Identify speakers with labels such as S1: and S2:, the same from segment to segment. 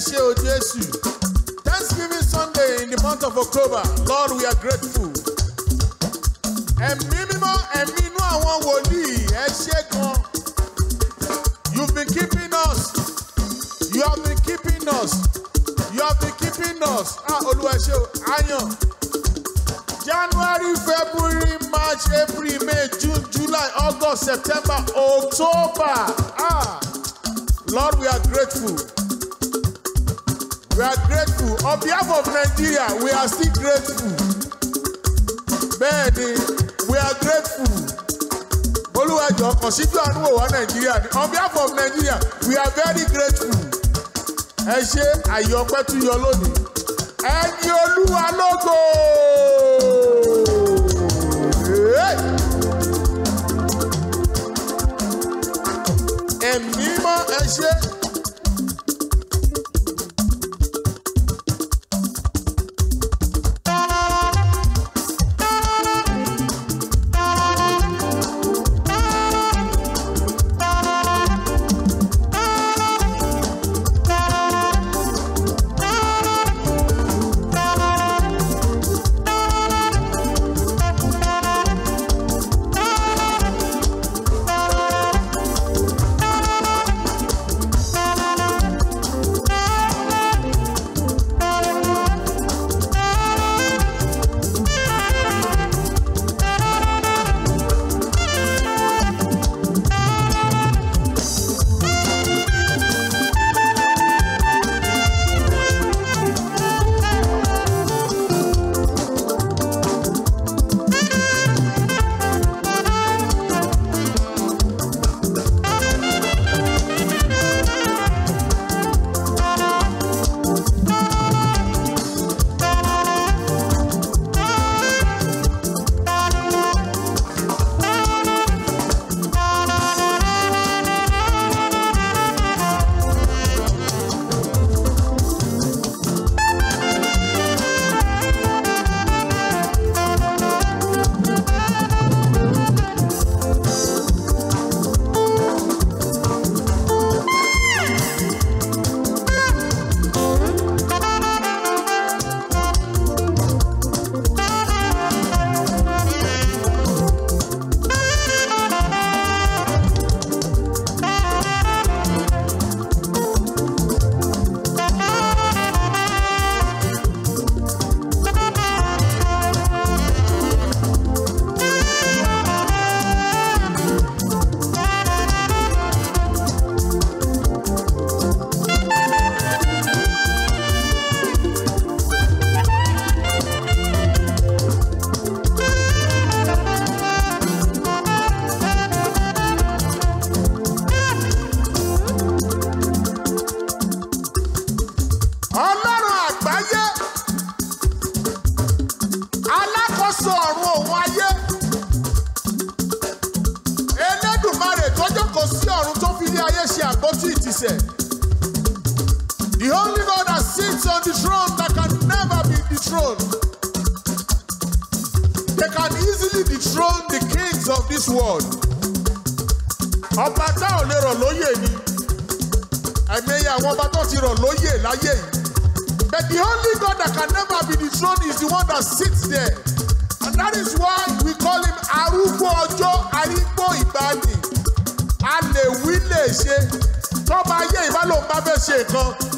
S1: ṣé o Jésù. Thanksgiving Sunday in the month of October, Lord, we are grateful. Ẹ̀mí mímọ́ ẹ̀mí inú àwọn wòlíì ẹ ṣé gan. You've been keeping us. You have been keeping us. You have been keeping us. Ah, Olúwa ṣé o, Ayan. January, February, March, April, May, June, July, August, September, October. Ah, Lord, we are grateful. We are grateful. On behalf of Nigeria, we are still grateful. Bẹ́ẹ̀ni, we are grateful. Olúwàjọ consider àánú wò wá Nàìjíríà ni. On behalf of Nigeria, we are very grateful. Ẹ ṣe àyọpẹ́ tún yọ lónìí. Ẹni Olúwa lógo. Ẹ̀mí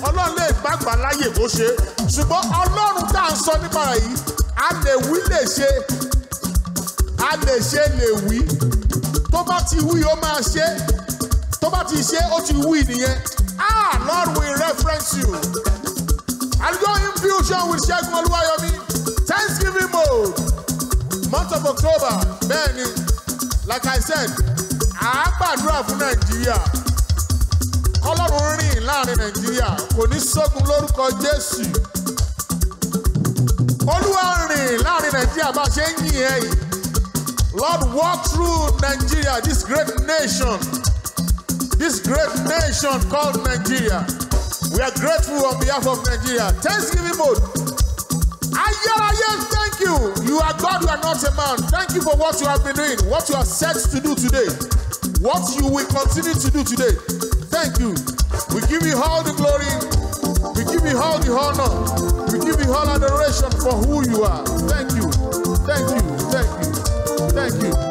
S1: ọlọ́run lè gbàgbà láyè bó ṣe ṣùgbọ́n ọlọ́run tá à ń sọ nípa rẹ̀ yìí a lè wí lè ṣe a lè ṣe lè wí tó bá ti wí ó máa ṣe tó bá ti ṣe ó ti wí nìyẹn ah lord we reference you algo infusion with Ṣẹ́gun Olúwayọ̀mí thanksgiving mode month of October bẹ́ẹ̀ ni like I said à á gbàdúrà fún Nàìjíríà kọ́lọ́run ìsìn láàrin nàìjíríà kò ní ṣógun lórúkọ jésù olúwa rìn láàrin nàìjíríà bá ṣe ń yìn ẹ́ lord walk through nigeria this great nation this great nation called nigeria we are grateful on behalf of nigeria thanksgiving mode ayérayé thank you you are god you are not a man thank you for what you have been doing what you are set to do today what you will continue to do today thank you. We give you all the glory. We give you all the honor. We give you all adoration for who you are. Thank you. Thank you. Thank you. Thank you.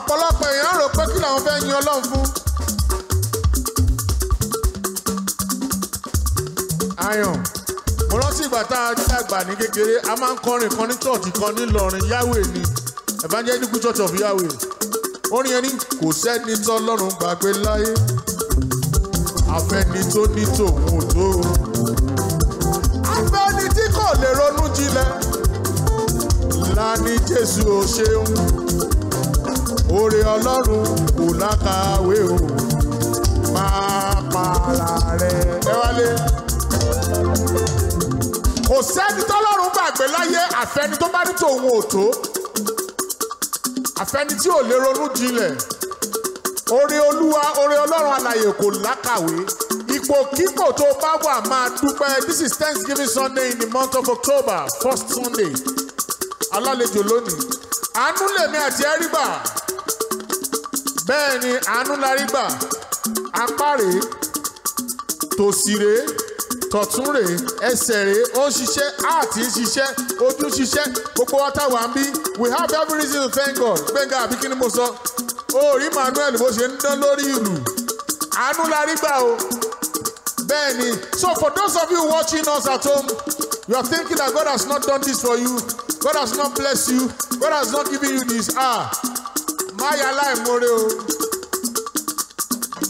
S1: ọ̀pọ̀lọpọ̀ èèyàn rò pé kí làwọn fẹ́ yin ọlọ́run fún. ayọ̀n mo rántí ìgbà tá a dàgbà ní kékeré a máa ń kọrin kan ní chọ́ọ̀tì kan nílọrin Yahweh ni Evangelical Church of Yahweh orin ẹni kò sẹ́ni tọ́lọ́run gbàgbé láyé afẹ́ni tó ní tòun ò tó afẹ́ni tí kò lè ronú jinlẹ̀ la Jésù ò ṣeun oore ọlọ́run kò lákàwé o máa para rẹ ẹ wálé. kò sẹ́ni tọ́lọ́run gbàgbé láyé àfẹni tó bá ní tòun ò tó àfẹni tí ò lè ronú jinlẹ̀ oore olúwa oore ọlọ́run alàyè kò lákàwé ipò kíkò tó bá wà máa dúpẹ́ this is thanksgiving sunday in the month of october first sunday alálejò lónìí àánú lèmi àti ẹ rí bẹ́ẹ̀ ni àánú larí gbà apá rèé tòsí rèé tọ̀tún rèé ẹsẹ̀ rèé ó ń ṣiṣẹ́ àti ṣiṣẹ́ ojú ṣiṣẹ́ gbogbo wa táwa ń bí we have every reason to thank God gbẹ̀ngà àbí kí ni mo sọ orí Manuel bó ṣe ń dán lórí ìlú àánú o bẹ́ẹ̀ ni so for those of you watching us at home you are thinking that God has not done this for you God has not blessed you God has not given you this ah máyà láìmoore o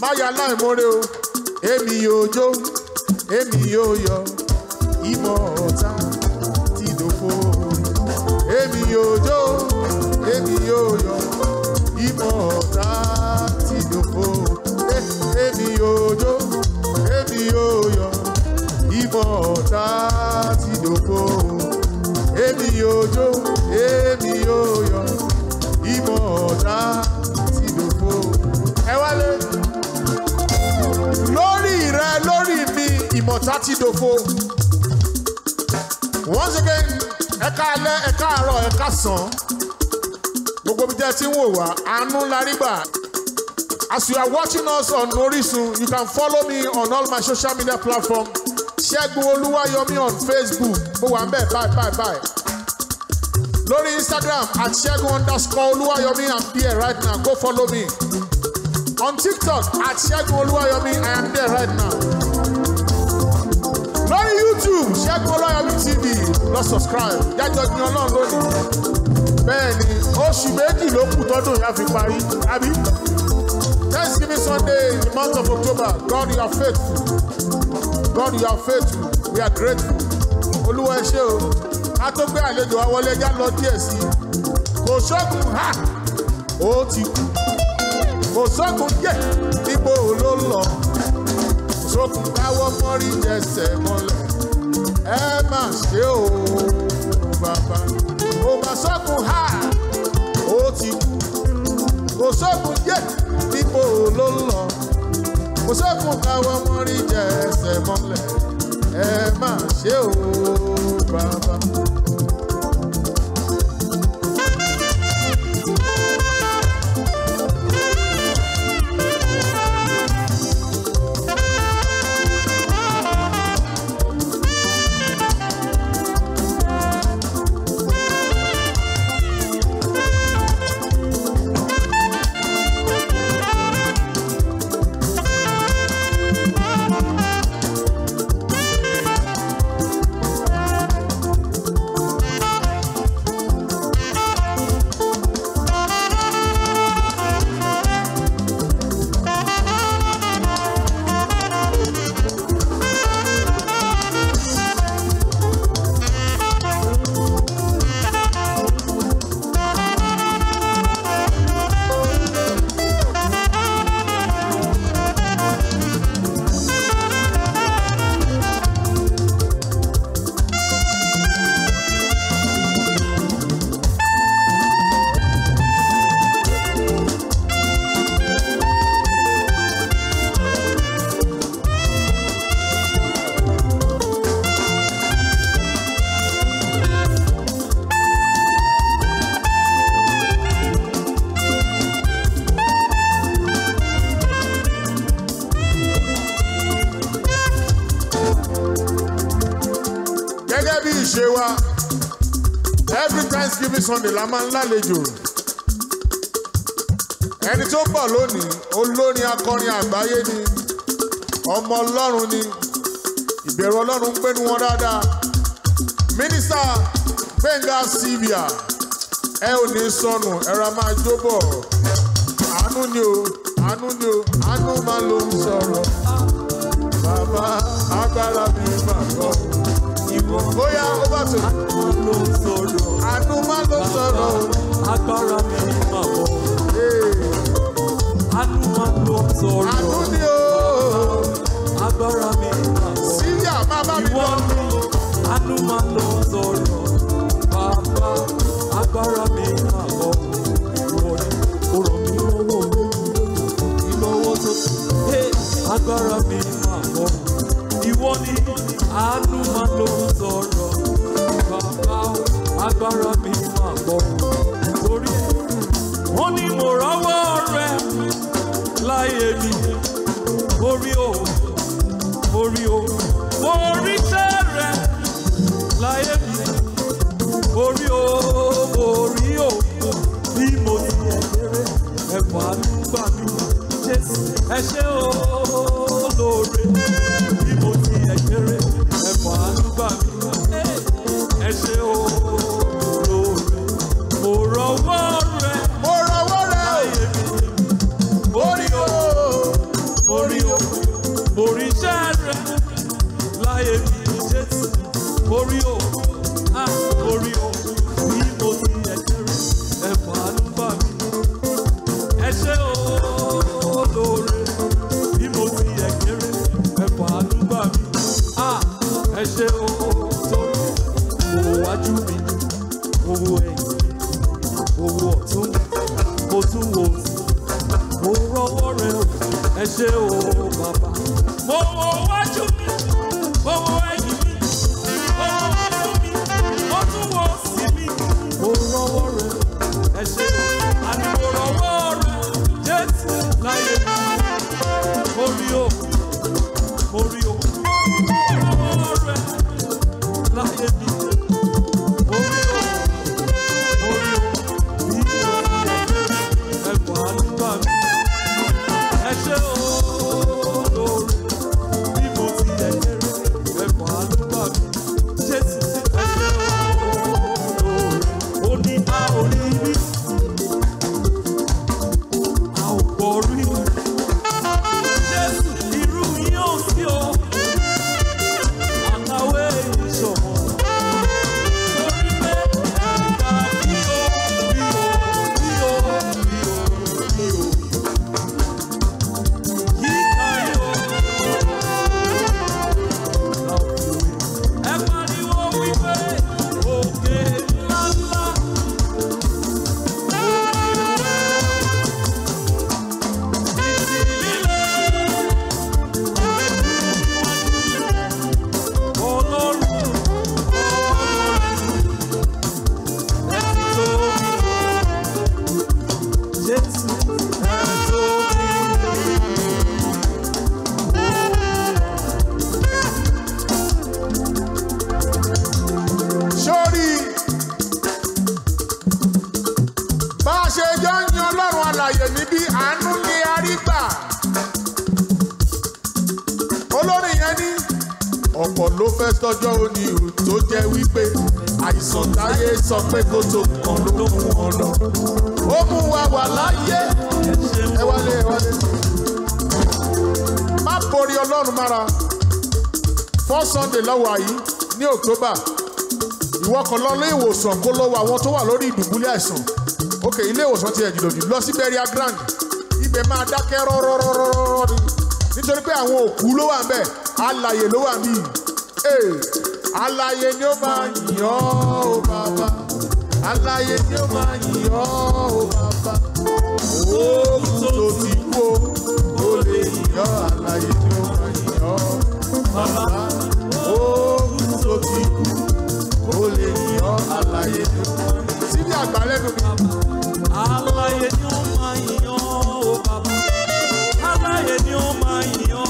S1: máyà láìmoore o èmi yóò jó èmi yóò yọ ìmọ̀ ọ̀tá ti dòfo èmi yóò jó èmi yóò yọ ìmọ̀ ọ̀tá ti dòfo èmi yóò jó èmi yóò yọ ìmọ̀ ọ̀tá ti dòfo èmi yóò jó èmi yóò yọ once again ẹ káalẹ́ ẹ káàárọ̀ ẹ káàsán gbogbo bí jẹ́ ń wò wá àánú larí As you are watching us on Orisun, you can follow me on all my social media platforms. Ṣẹ́gun Olúwayọ̀mí on Facebook. Mo wà ń bẹ̀ bye bye bye lórí instagram at ṣẹ́gun underscore olúwayọ̀mí i'm there right now go follow me on tiktok at ṣẹ́gun olúwayọ̀mí i am there right now lórí youtube ṣẹ́gun olúwayọ̀mí tv lọ subscribe jájọ gbin ọlọ́run lónìí bẹ́ẹ̀ ni oṣù méjì ló kù tọ́dún yá fi parí àbí thanksgiving sunday in the month of october god you are faithful god you are faithful we are grateful olúwa ẹ ṣé o ká tó gbé àlejò wa wọlé já lọ díẹ̀ sí i kò ṣógun ha ó ti kú kò ṣógun yẹ níbo ló lọ ṣógun káwọ́ mọ́rí jẹsẹ̀ mọ́lẹ̀ ẹ má ṣe o bàbá kò má ṣógun ha ó ti kú kò ṣógun yẹ níbo ló lọ kò ṣógun káwọ́ mọ́rí jẹsẹ̀ mọ́lẹ̀ ẹ má ṣe o bàbá. Sunday la máa ń lálejò ẹni tó bọ̀ lónìí olórin akọrin àgbáyé ni ọmọ ọlọ́run ni ìbẹ̀rù ọlọ́run ń wọn dáadáa mínísítà Gbẹ̀ngà Sylvia ẹ ò ní sọnù ẹ̀rọ máa jó bọ̀ àánú ni o àánú ni o àánú máa ló ń
S2: sọ̀rọ̀ bàbá agbára mi ìbò. bóyá ó bá tó. àánú ló ń sọ̀rọ̀. àánú má ló ń sọ̀rọ̀. agbára mi ni màá bọ̀. àánú má ló ń sọ̀rọ̀. àánú ni o. agbára mi ni màá bọ̀. síyà má bá mi bọ̀. ìwọ ni ló sọ̀rọ̀. bàbá agbára mi ni màá bọ̀. ìwọ ni ó lọ́wọ́ mi. ìlọ́wọ́ tó. agbára mi ni ìwọ ni àánú máa ló ń sọ̀rọ̀ bàbá agbára mi máa pọ̀ torí wọ́n ní mo rọ́wọ́ rẹ láyé mi orí o orí o orí tẹ́ rẹ láyé mi orí o orí o bí mo ti ẹ̀rẹ́ ẹ̀fọ́ àdúgbò àdúgbò ẹ ṣé o lóore. oh, o olóore mo rọwọ́ rẹ mo rọwọ́ rẹ ayé mi borí o borí o borí iṣẹ́ rẹ láyé mi jésù borí o. ṣe o bàbá. mo wo owó.
S1: forí ọlọ́run mára four sunday lọ́wọ́ àyí ní october ìwọ kan lọ ilé ìwòsàn kó lọ́wọ́ àwọn tó wà lórí ìdùbúlẹ̀ àìsàn ok ilé ìwòsàn ti ẹ̀jìnlò jù lọ sí burial ground ibẹ̀ máa dákẹ́ rọ́rọ́rọ́rọ́rọ́ ni nítorí pé àwọn òkú ló wà ńbẹ̀ alààyè ló wà níyì ee alààyè ni ó máa yìn ọ́ o oh bàbá alààyè ni ó máa yìn ọ́ o oh bàbá òkú tó ti kú o ó lè yọ àlàyé tí ó máa yọ. Bàbá ogun tó ti kú
S2: ó lè yọ àlàyé tí ó máa yọ. Síbi àgbà lẹ́nu mi. Àlàyé ni ó máa yọ bàbá. Àlàyé ni ó máa yọ.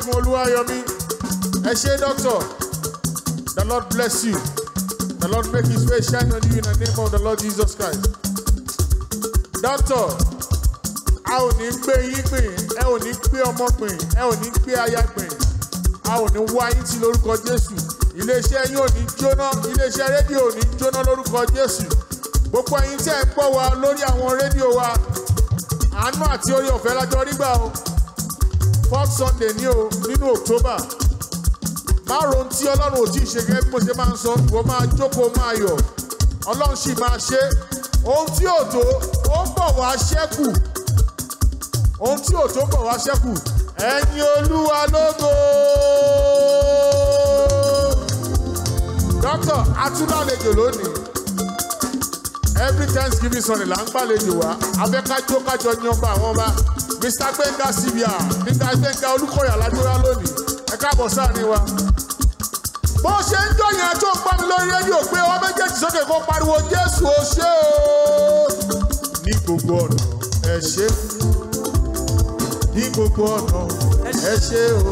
S1: Ṣẹ́gun Olúwayọ̀mí ẹ ṣé doctor the Lord bless you the Lord make his face shine on you in the name of the Lord Jesus Christ doctor a ò ní gbé yín pìn ẹ ò ní gbé ọmọ pìn ẹ ò ní gbé aya pìn a ò ní wá yín tì lórúkọ Jésù iléeṣẹ́ yín ò ní jóná iléeṣẹ́ rédíò ò ní jóná lórúkọ Jésù gbogbo ẹ̀yin tẹ́ ẹ gbọ́ wa lórí àwọn rédíò wa àánú àti orí ọ̀fẹ́ lájọ rí gbà o fourth sunday ní o nínú october márùn tí ọlọ́run ò tí ì ṣe gẹ́gẹ́ bí mo ṣe máa ń sọ ìwọ máa jókòó máa yọ̀ ọlọ́run sì máa ṣe ohun tí ò tó ó ń bọ̀ wá ṣẹ́kù ohun tí ò tó ń bọ̀ wá ṣẹ́kù ẹ̀yin olúwa lógo. dókítà atúndàlejò lónìí every thanksgiving sunday là ń gbàlejò wá abẹ́kájó kájọ ní ọba àwọn ọba. Mr Gbẹ́ngà Sylvia Mr Gbẹ́ngà Olúkọ̀yà lájúra lónìí ẹ káàbọ̀ sáàrin wa. bó ṣe ń jọyàn tó ń gbọ́ mi lórí rédíò pé ọmọ méjèèjì sókè kó pariwo Jésù o ṣé o ní gbogbo ọ̀nà ẹ ṣé ní gbogbo ọ̀nà ẹ ṣé o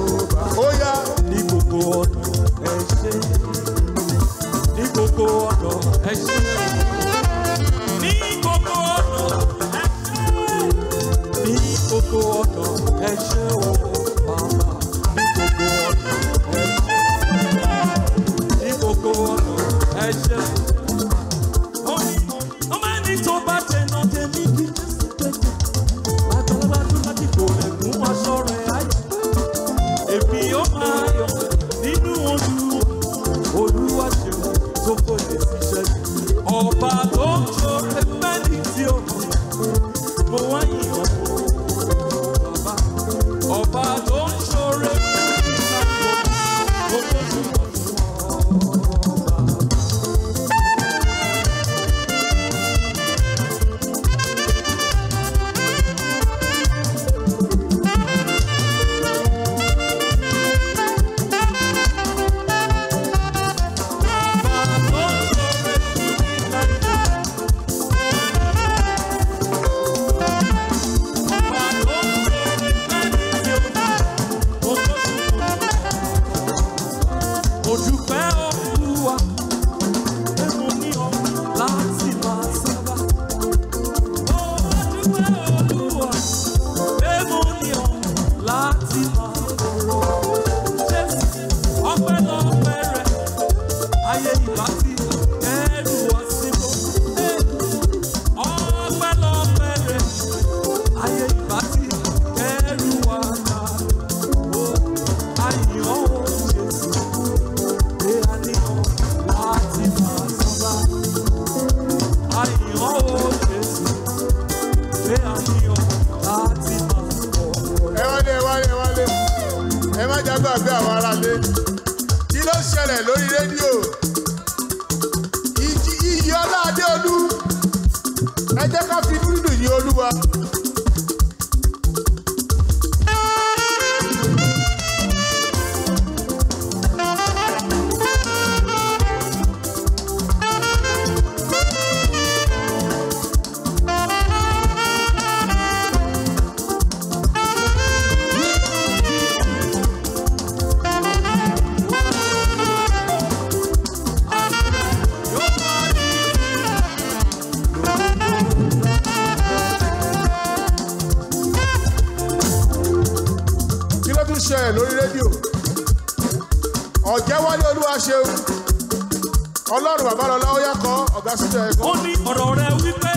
S1: ó yá
S2: ní gbogbo ọ̀nà ẹ ṣé ní gbogbo ọ̀nà ẹ ṣé o. kó tán ẹ
S1: ṣeun ọlọ́run bàbá lọ́lá
S2: yá kọ́ ọ̀gá sílẹ̀ ẹ̀kọ́. ó ní ọ̀rọ̀ rẹ wípé.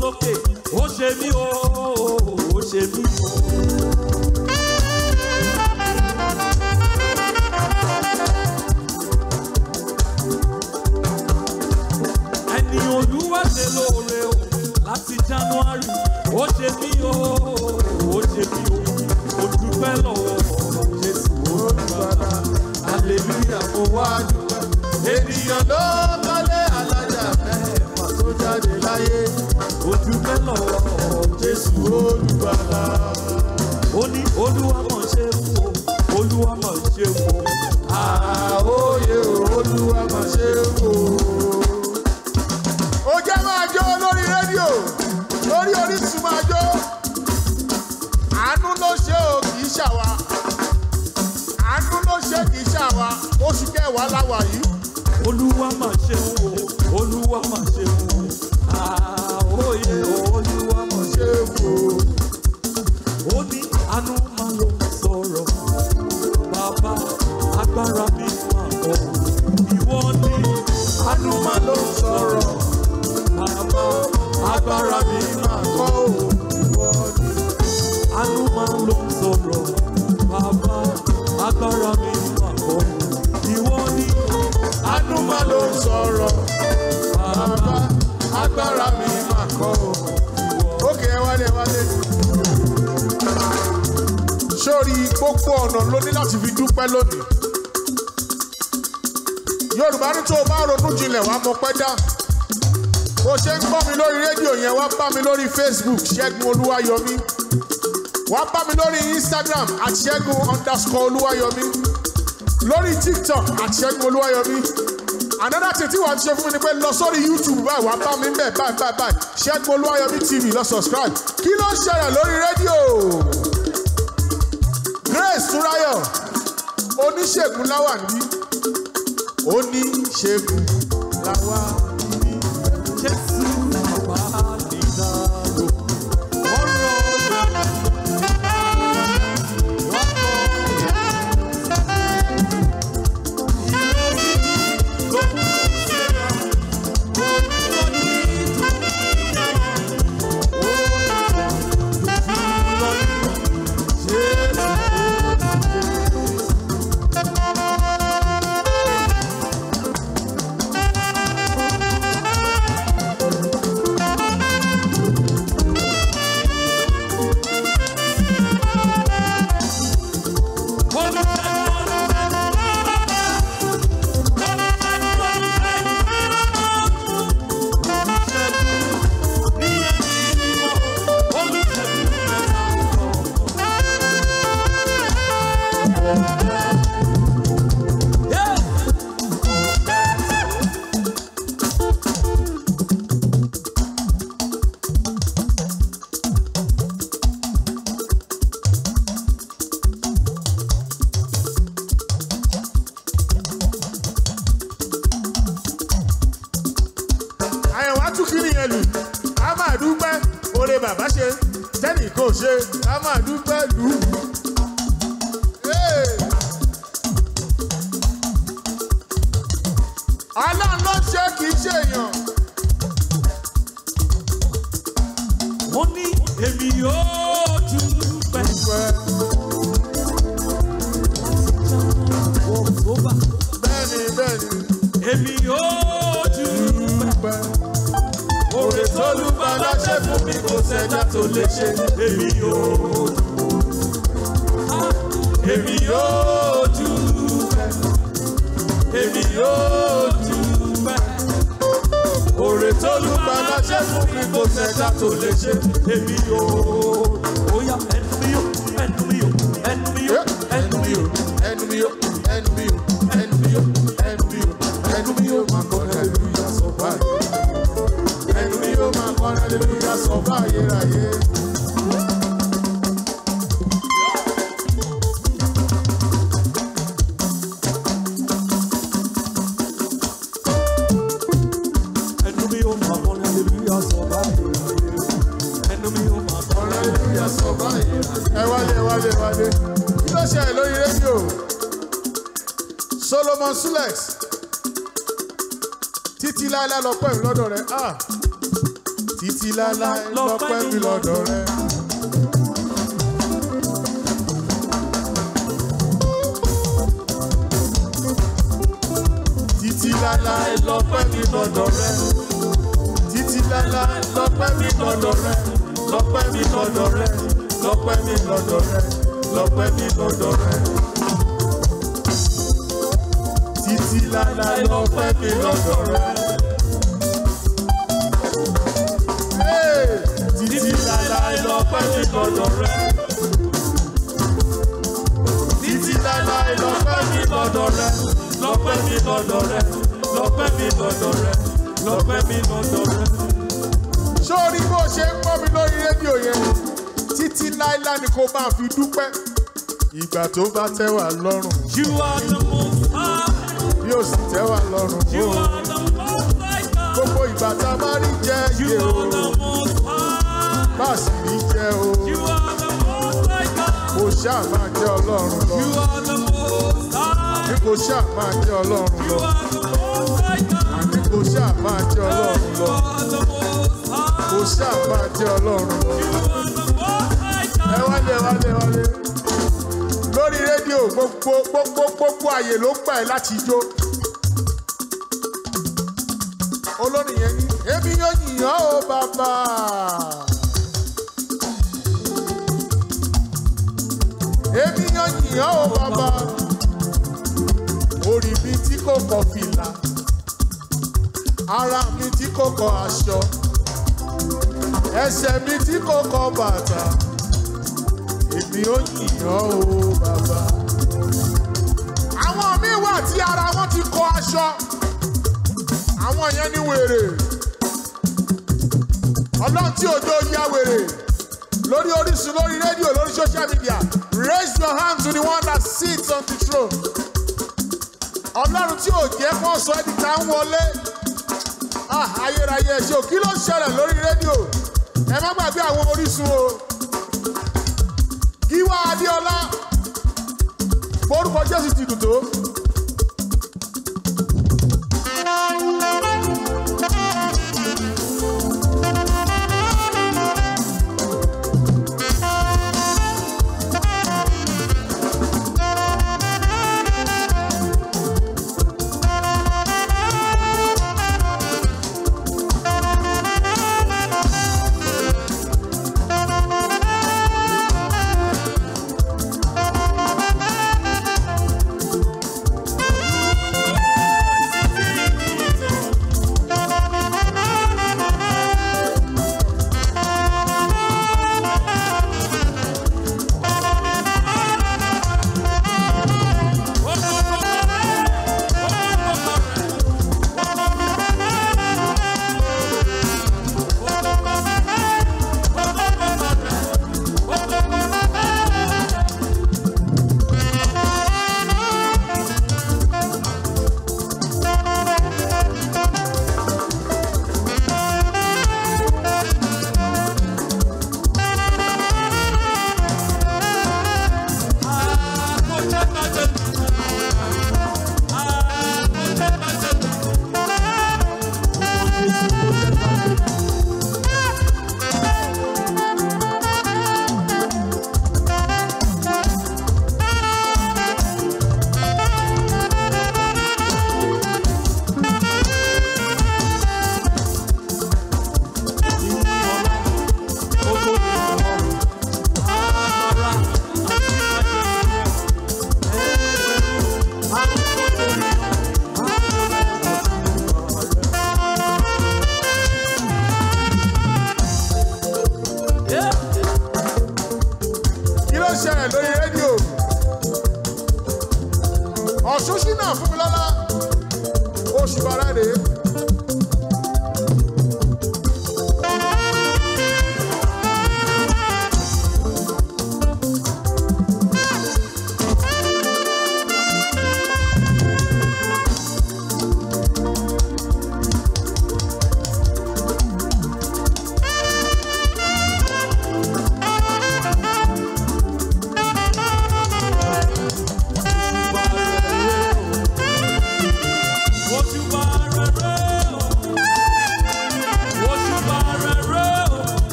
S2: sókè ó ṣe mí o ó ṣe mí o. olúwa ṣe lóore o láti january ó ṣe mí o ó ṣe mí o mo dúpẹ́ lọ́wọ́ jésù olùbàdà hallelujah mo wá dúpẹ́ ènìyàn ló balẹ̀ alájà mẹ́fà tó jáde láyé kò dúpẹ́ lọ́wọ́ Jésù olùbàlà ó ní olúwa mọ̀ ṣe fún o olúwa mọ̀ ṣe fún o àóyè olúwa mọ̀ ṣe fún
S1: o. ó jẹ́ máa jó lórí rédíò lórí Orísun máa jó àánú ló ṣe o kì í ṣàwa àánú ló ṣe kì í ṣàwa oṣù kẹwàá láwa yìí. olúwa mà ṣeun
S2: o olúwa mà ṣeun o amóye olúwa mọ̀ ṣe wò ó ní àánú máa lọ sọ̀rọ̀ bàbá agbára mi máa pọ̀ ìwọ ní àánú máa lọ sọ̀rọ̀ bàbá agbára mi máa pọ̀ ìwọ ní àánú máa lọ sọ̀rọ̀ bàbá agbára mi máa pọ̀ ìwọ ní àánú máa lọ sọ̀rọ̀
S1: bàbá agbára mi wálé. sórí gbogbo ọ̀nà ló ní láti fi dúpẹ́ lónìí. yorùbá ní tó o bá ronú jinlẹ̀ wá mo pẹ́ dá. bó ṣe ń gbọ́ mi lórí rédíò yẹn wá bá mi lórí facebook ṣẹ́gun olúwayọ̀mí. wá bá mi lórí instagram àti ṣẹ́gun underscore olúwayọ̀mí. lórí tiktok àti ṣẹ́gun olúwayọ̀mí another thing tí wàá ṣe fún mi ni pé lọ sórí youtube báyìí wàá bá mi ń bẹ̀ báyìí báyìí báyìí ṣẹ́gun olúwayọ̀mí tv lọ subscribe kí ló ń ṣẹlẹ̀ lórí rédíò grace túnráyọ̀ oníṣègùn láwà níbí oníṣègùn láwà. yeah, Yeah. títí láláì lọ́pẹ́ mi lọ́dọ̀ rẹ. títí láláì lọ́pẹ́ mi lọ́dọ̀ rẹ.
S2: títí láláì lọ́pẹ́ mi lọ́dọ̀ rẹ. lọ́pẹ́ mi lọ́dọ̀ rẹ. lọ́pẹ́ mi lọ́dọ̀ rẹ. lọ́pẹ́ mi lọ́dọ̀ rẹ. títí láláì lọ́pẹ́ mi lọ́dọ̀ rẹ. Ìgbà tó
S1: bá tẹ́ lọ́rùn. You are the most high. Bí o sì tẹ́ lọ́rùn. You are the most high. Gbogbo ìgbà tá a bá rí jẹ́ ìyè o. You are the most high má sì ní jẹ́ o. Mo ṣáà máa jẹ́ Ọlọ́run lọ. Àní kò ṣáà máa jẹ́ Ọlọ́run lọ. Àní kò ṣáà máa jẹ́ Ọlọ́run lọ. Kò ṣáà máa jẹ́ Ọlọ́run lọ. Ẹ wálé wálé wálé. Lórí rédíò gbogbo gbogbo gbogbo àyè ló gbà ẹ́ láti jó. Olórin yẹn ní. Èmi yóò yìn ọ́ o bàbá. èmi yan yìnyán o bàbá orí mi tí kò kọ fìlà ara mi tí kò kọ aṣọ ẹsẹ̀ mi tí kò kọ bàtà èmi ó yìnyán o bàbá. àwọn míì wà tí ara wọn ti kọ aṣọ àwọn yẹn ní wèrè ọlọ́run tí òjò ya wèrè lórí Orísun lórí rédíò lórí social media raise your hand to the one that sits on the throne. Ọlọ́run tí ò jẹ́ kó sọ ẹni tá ń wọlé ah, ayérayé ẹ̀ṣẹ̀ kí ló ṣẹlẹ̀ lórí rédíò ẹ má gbàgbé àwọn Orísun o. Gíwá Adéọlá forúkọ Jésù ti dùn
S3: tó.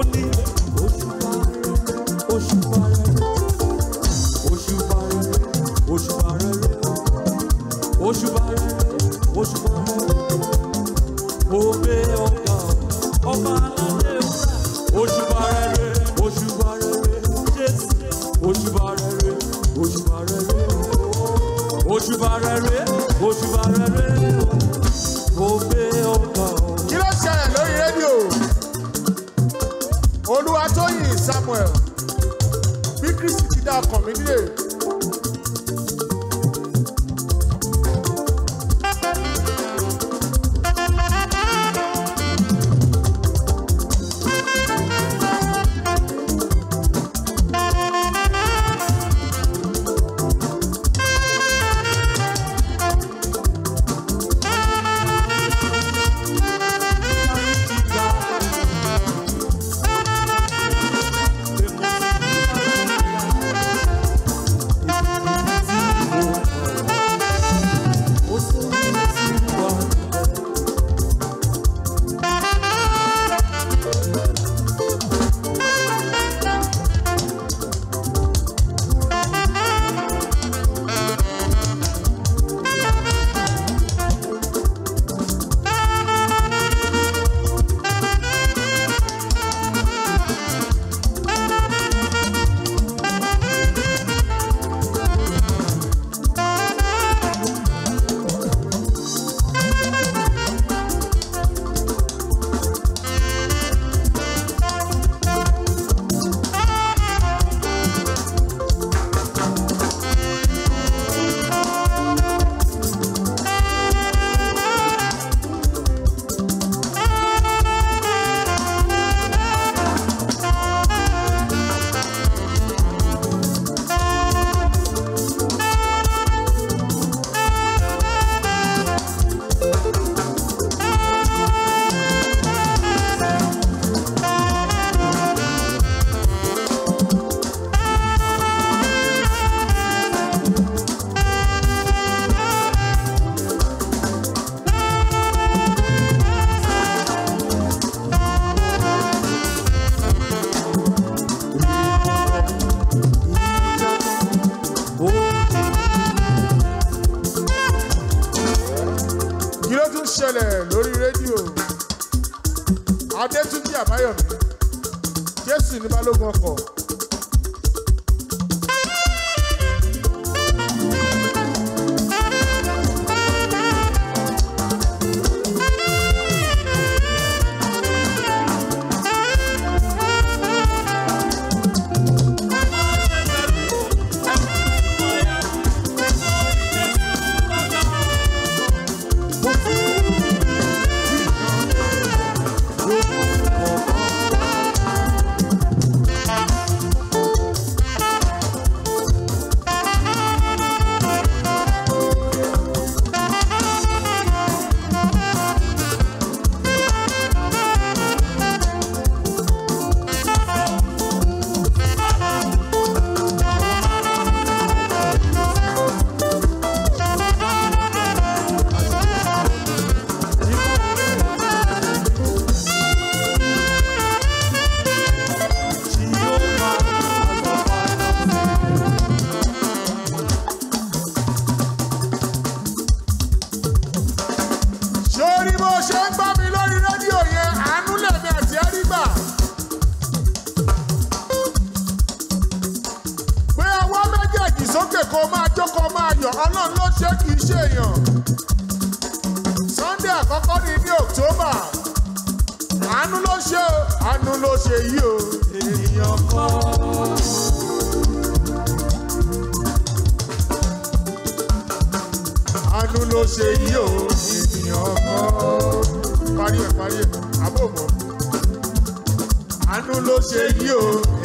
S2: ó ní.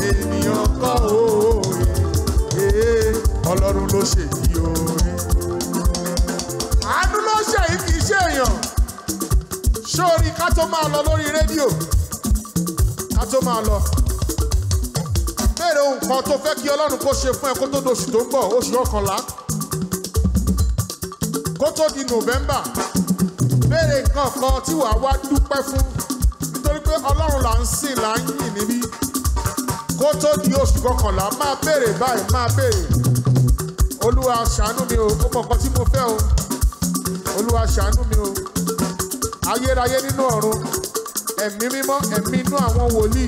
S1: ènìyàn kọ́ òye eh, ọlọ́run ló ṣe yí òye. Eh. àánú ló ṣe yìí kì í ṣe èèyàn sórí ká tó máa lọ lórí rédíò ká tó máa lọ béèrè ohun kan tó fẹ́ kí ọlọ́run kó ṣe fún ẹ kó tó doṣù tó ń bọ̀ oṣù ọkànlá kó tó di november béèrè nǹkan kan tí wàá wá dúpẹ́ fún nítorí pé ọlọ́run là ń sìn là ń yìn níbí kó tó di oṣù kọkànlá máa béèrè báyìí máa béèrè olúwa ṣàánú mi o ó mọ̀kàn tí mo fẹ́ o olúwa ṣàánú mi o ayérayé nínú ọ̀run ẹ̀mí mímọ́ ẹ̀mí inú àwọn wòlíì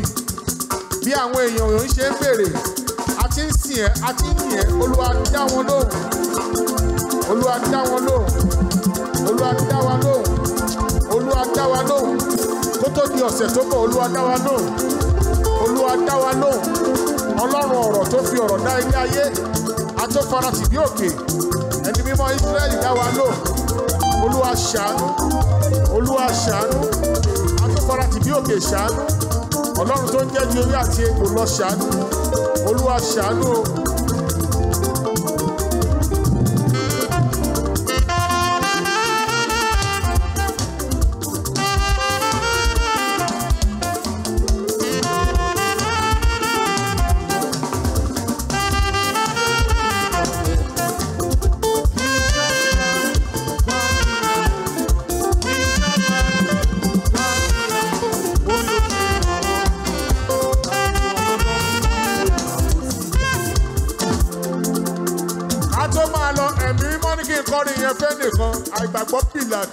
S1: bí àwọn èèyàn òyìn ṣe ń béèrè a ti ń sìn ẹ́ a ti ń yìn ẹ́ olúwa dá wọn lóhùn olúwa dá wọn lóhùn olúwa dá wa lóhùn olúwa dá wa lóhùn kó tó di ọ̀sẹ̀ tó bọ̀ olúwa dá wa lóhùn. wa dá wa lóhùn ọlọ́run ọ̀rọ̀ tó fi ọ̀rọ̀ dá ilé ayé atófaratì bí òkè ẹni mímọ́ Ísírẹ́lì dá wa lóhùn olúwa ṣàánú olúwa ṣàánú atófaratì bí òkè ṣàánú ọlọ́run tó ń jẹ́ ju orí àti egbò lọ ṣàánú olúwa ṣàánú o.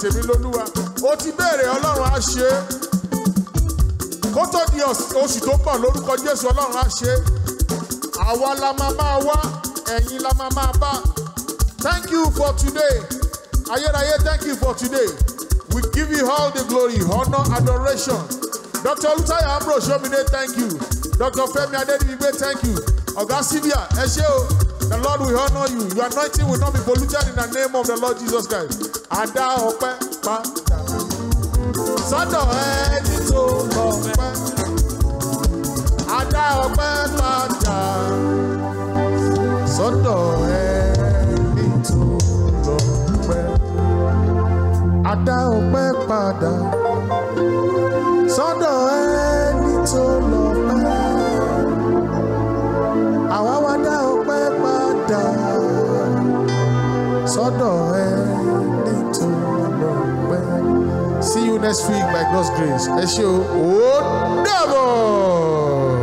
S1: tèmi lólúwa ó ti béèrè ọlọ́run á ṣe kó tó di oṣù tó pọ̀ lórúkọ jésù ọlọ́run á ṣe àwa la máa máa wá ẹ̀yin la máa máa bá thank you for today ayérayé thank you for today we give you all the glory honor, adoration dr olùtayọ ambrose shomide thank you dr femi adediyibe thank you ọ̀gá sylvia ẹ ṣé o the lord will honour you your anointing will not be polluted in the name of the lord jesus christ. Ada ọpẹ́ padà sọ́dọ̀ ẹni tó ọpẹ́ àdá ọpẹ́ padà sọ́dọ̀ ẹni tó
S3: ọpẹ́ àdá ọpẹ́ padà sọ́dọ̀ ẹni.
S1: next week by God's grace. Ẹ ṣé o, o dàbọ̀.